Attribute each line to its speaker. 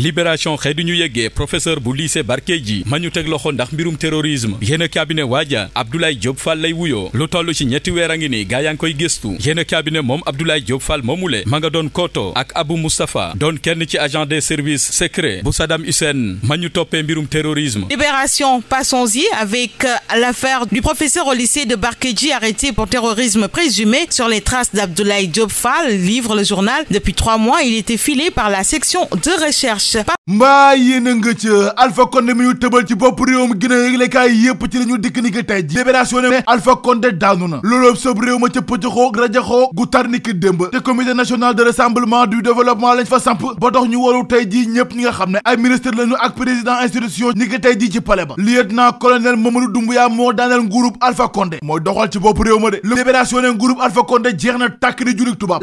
Speaker 1: libération xëy du ñu Y professeur bu lycée Barkédji ma ñu teg loxo ndax mbirum terrorisme Yene a cabinet wadja Abdoulaye Diop Fall lay wuyo lu tollu ci ñetti weer a ngi koy cabinet mom Abdoulaye Diop Fall momulé ma nga Koto ak Abu Mustapha. Don kenn ci agent des services secrets bu sadam Hussein mañu mbirum terrorisme.
Speaker 2: libération passons-y avec euh, l'affaire du professeur au lycée de barkeji arrêté pour terrorisme présumé sur les traces d'Abdoulaye Diop Fall livre le journal depuis trois mois il était filé par la section de recherche.
Speaker 3: mbaa yéen a nga ca Alpha Condé mi ñu tëbal ci bopp réewum Guinée yëglekaay yépp ci la ñu dikk ni ki tey ji libération ne Alpha Condé daanu na looloob sob réew ma ca pëccaxoo rajaxoo gu tar ni ki démb te comité national de rassemblement du développement lañ fa samp ba tax ñu waru tey ji ñëpp ñi nga xam ne ay ministre lañu ak président institution ni ki tey ji ci palais ba lieutenant colonel Mamadou Doumbouya moo daaneel nguurub Alpha Condé mooy doxal ci bopp réew ma de libération ne nguurub Alpha Condé jeex na
Speaker 4: tàkk di jullit tubaab